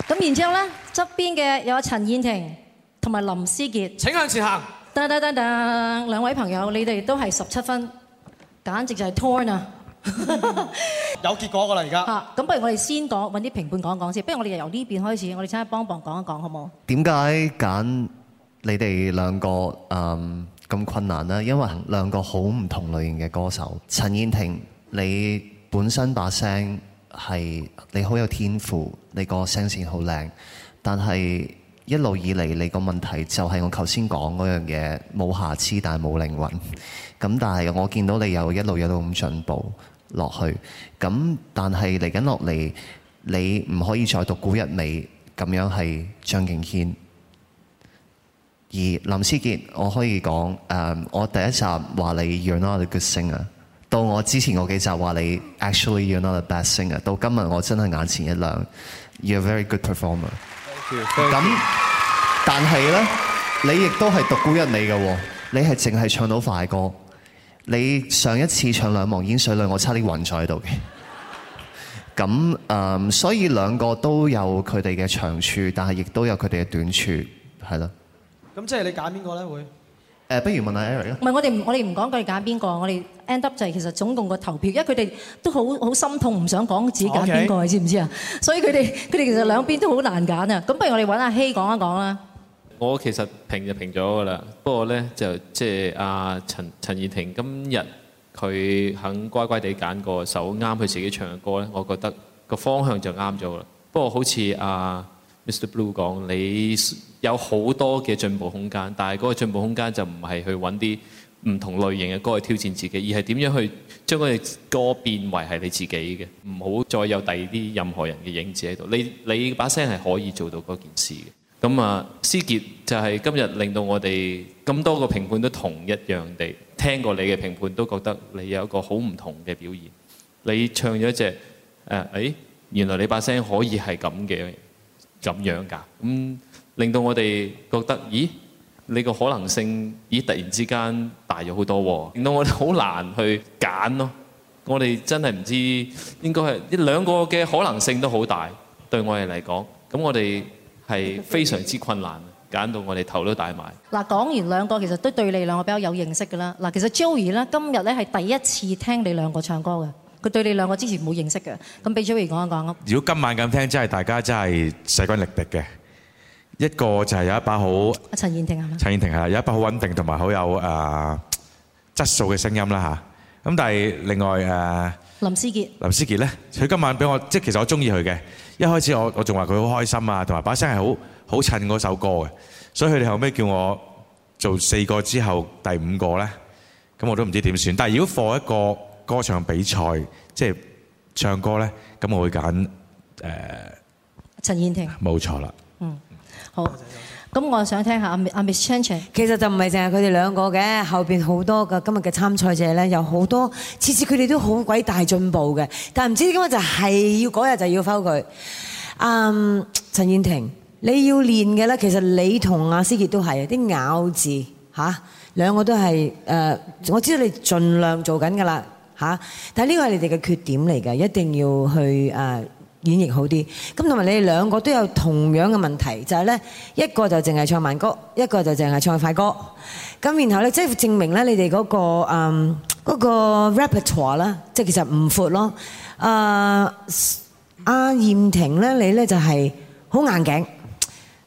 咁然之後咧，側邊嘅有陳燕婷同埋林思傑。請向前行。噔噔噔噔，兩位朋友，你哋都係十七分，簡直就係拖人啊。 有結果噶啦，而家嚇咁，不如我哋先講揾啲評判講講先。不如我哋由呢邊開始，我哋請幫忙講一講好冇？點解揀你哋兩個嗯咁困難呢？因為兩個好唔同類型嘅歌手。陳燕婷，你本身把聲係你好有天賦，你個聲線好靚，但係一路以嚟你個問題就係我頭先講嗰樣嘢，冇瑕疵但係冇靈魂。咁但係我見到你又一路有到咁進步。落去，咁但係嚟緊落嚟，你唔可以再獨孤一味咁樣係張敬軒，而林思傑，我可以講誒，um, 我第一集話你 you're not a good singer，到我之前嗰幾集話你 actually you're not a bad singer，到今日我真係眼前一亮，you're a very good performer。咁，但係呢，你亦都係獨孤一味嘅，你係淨係唱到快歌。你上一次唱兩忘煙水裏，我差啲暈咗喺度嘅。咁誒，所以兩個都有佢哋嘅長處，但係亦都有佢哋嘅短處，係咯。咁即係你揀邊個咧？會誒，不如問下 Eric 啊。唔係，我哋唔我哋唔講，佢哋揀邊個？我哋 end up 就係其實總共個投票，因為佢哋都好好心痛，唔想講自己揀邊個，你知唔知啊？所以佢哋佢哋其實兩邊都好難揀啊。咁不如我哋揾阿希講一講啦。我其實評就評咗噶啦，不過呢，就即係阿陳陳燕婷今日佢肯乖乖地揀個首啱佢自己唱嘅歌呢，我覺得個方向就啱咗啦。不過好似阿、啊、Mr Blue 講，你有好多嘅進步空間，但係嗰個進步空間就唔係去揾啲唔同類型嘅歌去挑戰自己，而係點樣去將嗰隻歌變為係你自己嘅，唔好再有第二啲任何人嘅影子喺度。你你把聲係可以做到嗰件事嘅。咁啊，思杰，就係今日令到我哋咁多個評判都同一樣地聽過你嘅評判，都覺得你有一個好唔同嘅表現。你唱咗一隻誒，哎，原來你把聲可以係咁嘅咁樣㗎。咁令到我哋覺得，咦，你個可能性咦，突然之間大咗好多喎，令到我哋好難去揀咯。我哋真係唔知應該係呢兩個嘅可能性都好大，對我哋嚟講，咁我哋。係非常之困難，揀到我哋頭都大埋。嗱，講完兩個其實都對你兩個比較有認識㗎啦。嗱，其實 Joey 咧今日咧係第一次聽你兩個唱歌嘅，佢對你兩個之前冇認識嘅。咁俾 Joey 講一講。如果今晚咁聽，真係大家真係勢均力敵嘅。一個就係有一把好陳燕婷係嘛？陳燕婷係啦，有一把好穩定同埋好有誒質素嘅聲音啦吓。咁但係另外誒林思傑，林思傑咧，佢今晚俾我即係其實我中意佢嘅。一開始我我仲話佢好開心啊，同埋把聲係好好襯嗰首歌嘅，所以佢哋後尾叫我做四個之後第五個呢，咁我都唔知點算。但係如果放一個歌唱比賽，即係唱歌呢，咁我會揀誒、呃、陳燕婷。冇錯啦。嗯，好。咁我想聽下阿阿 Miss Chan Chan，其實就唔係淨係佢哋兩個嘅，後邊好多嘅今日嘅參賽者咧，有好多次次佢哋都好鬼大進步嘅，但係唔知今日就係要嗰日就要 Fold 佢。嗯，陳燕婷，你要練嘅呢，其實你同阿思傑都係啲咬字吓、啊、兩個都係誒、呃，我知道你盡量做緊噶啦吓但係呢個係你哋嘅缺點嚟嘅，一定要去誒。呃演繹好啲，咁同埋你哋兩個都有同樣嘅問題，就係咧一個就淨係唱慢歌，一個就淨係唱快歌，咁然後咧即係證明咧你哋嗰個嗯嗰個 repertoire 啦，即係其實唔闊咯。啊，阿燕婷咧，你咧就係好硬頸，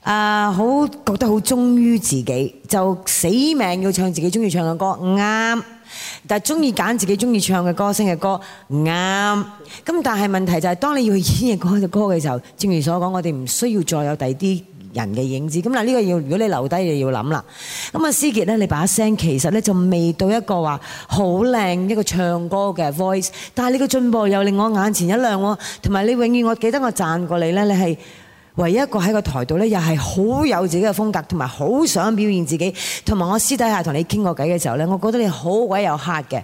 啊好覺得好忠於自己，就死命要唱自己鍾意唱嘅歌，啱。但係中意揀自己中意唱嘅歌星嘅歌啱，咁但係問題就係、是、當你要演繹嗰個歌嘅時候，正如所講，我哋唔需要再有第二啲人嘅影子。咁嗱，呢個要如果你留低，你要諗啦。咁啊，思杰呢，你把聲其實呢就未到一個話好靚一個唱歌嘅 voice，但係你嘅進步又令我眼前一亮、哦，同埋你永遠我記得我讚過你呢，你係。唯一一個喺個台度咧，又係好有自己嘅風格，同埋好想表現自己。同埋我私底下同你傾過偈嘅時候咧，我覺得你好鬼有黑嘅。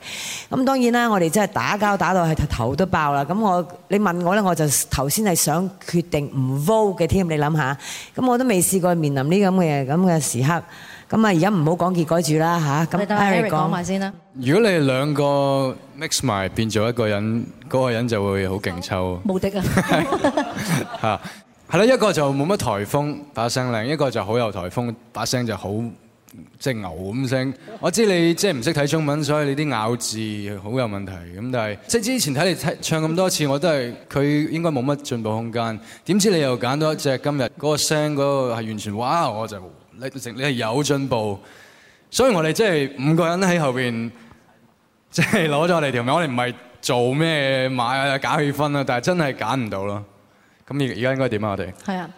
咁當然啦，我哋真係打交打到係頭都爆啦。咁我你問我咧，我就頭先係想決定唔 vote 嘅添。你諗下，咁我都未試過面臨呢咁嘅咁嘅時刻。咁啊，而家唔好講結果住啦，咁 Eric 講埋先啦。如果你哋兩個 mix 埋變做一個人，嗰，那個人就會好勁抽。冇 敵啊！ 係啦，一個就冇乜颱風把聲靚，一個就好有颱風把聲就好即係牛咁聲。我知你即係唔識睇中文，所以你啲咬字好有問題咁。但係即係之前睇你唱咁多次，我都係佢應該冇乜進步空間。點知你又揀到一隻今日嗰個聲嗰、嗰個係完全哇！我就你你係有進步。所以我哋即係五個人喺後邊，即係攞咗你條命，我哋唔係做咩買假氣氛啦，但係真係揀唔到咯。咁而而家應該點啊？我哋係啊，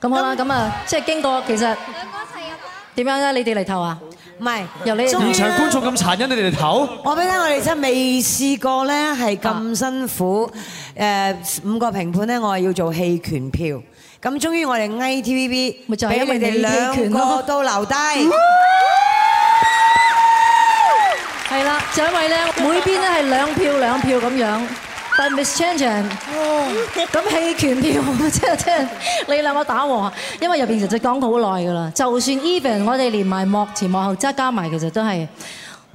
咁好啦，咁啊，即係經過其實兩個一齊啊點樣咧？你哋嚟投啊？唔係由你現場觀眾咁殘忍，你哋嚟投？我俾你聽，我哋真係未試過咧，係咁辛苦誒，五個評判咧，我係要做棄權票。咁終於我哋 I TVB 俾我哋兩個都留低，係啦，就因為咧每邊咧係兩票兩票咁樣。但 mischance、yeah. 咁棄權票，即係即係你兩個打和，因為入邊其實講好耐噶啦。Yeah. 就算 even 我哋連埋幕前幕後，即係加埋其實都係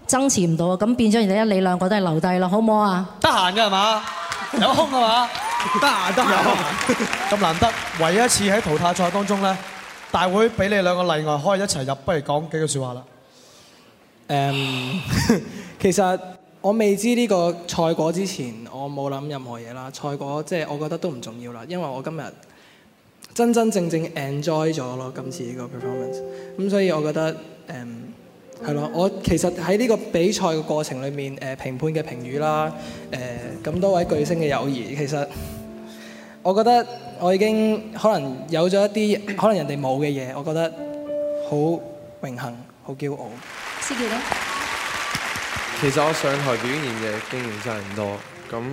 爭持唔到啊。咁變咗，而家你兩個都係留低啦，好唔好啊？得閒噶係嘛？有空啊嘛？得閒得閒，咁 難得，唯一一次喺淘汰賽當中咧，大會俾你兩個例外可以一齊入，不如講幾句説話啦。誒、um, 其實。我未知呢個賽果之前，我冇諗任何嘢啦。賽果即係我覺得都唔重要啦，因為我今日真真正正 enjoy 咗咯今次呢個 performance。咁所以我覺得誒，係、嗯、咯，我其實喺呢個比賽嘅過程裏面，誒評判嘅評語啦，誒咁多位巨星嘅友誼，其實我覺得我已經可能有咗一啲可能人哋冇嘅嘢，我覺得好榮幸，好驕傲。司徒其實我上台表演嘅經驗真係唔多，咁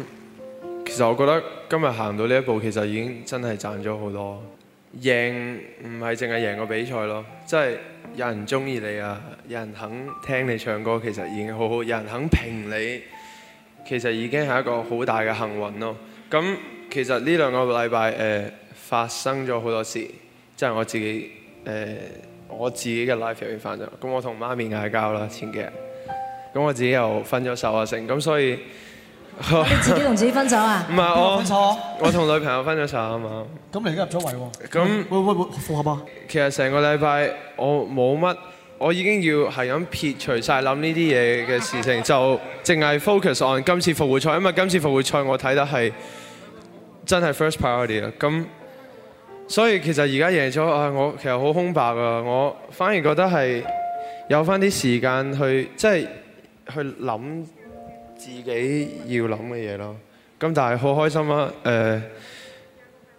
其實我覺得今日行到呢一步，其實已經真係賺咗好多。贏唔係淨係贏個比賽咯，即係有人中意你啊，有人肯聽你唱歌，其實已經好好，有人肯評你，其實已經係一個好大嘅幸運咯。咁其實呢兩個禮拜誒發生咗好多事，即係我自己誒、呃、我自己嘅 life 入面發生。咁我同媽咪嗌交啦，前幾日。咁我自己又分咗手啊，成咁所以你自己同自己分手啊？唔 係、啊、我我同女朋友分咗手啊嘛。咁 你而家入咗位喎？咁喂喂喂復合啊！其實成個禮拜我冇乜，我已經要係咁撇除晒諗呢啲嘢嘅事情， 就淨係 focus on 今次復活賽，因為今次復活賽我睇得係真係 first priority 啊！咁所以其實而家贏咗啊，我其實好空白啊，我反而覺得係有翻啲時間去即係。去諗自己要諗嘅嘢咯，咁但係好開心啦、啊！呃，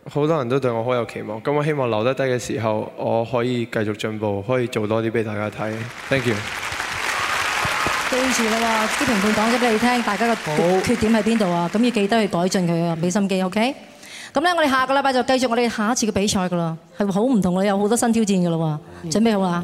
好多人都對我好有期望，咁我希望留得低嘅時候，我可以繼續進步，可以做多啲俾大家睇。Thank you。記住啦喎，啲評判講咗俾你聽，大家嘅缺點喺邊度啊？咁要記得去改進佢啊，俾心機，OK？咁咧，我哋下個禮拜就繼續我哋下一次嘅比賽噶啦，係好唔同，你有好多新挑戰噶啦喎，準備好啦！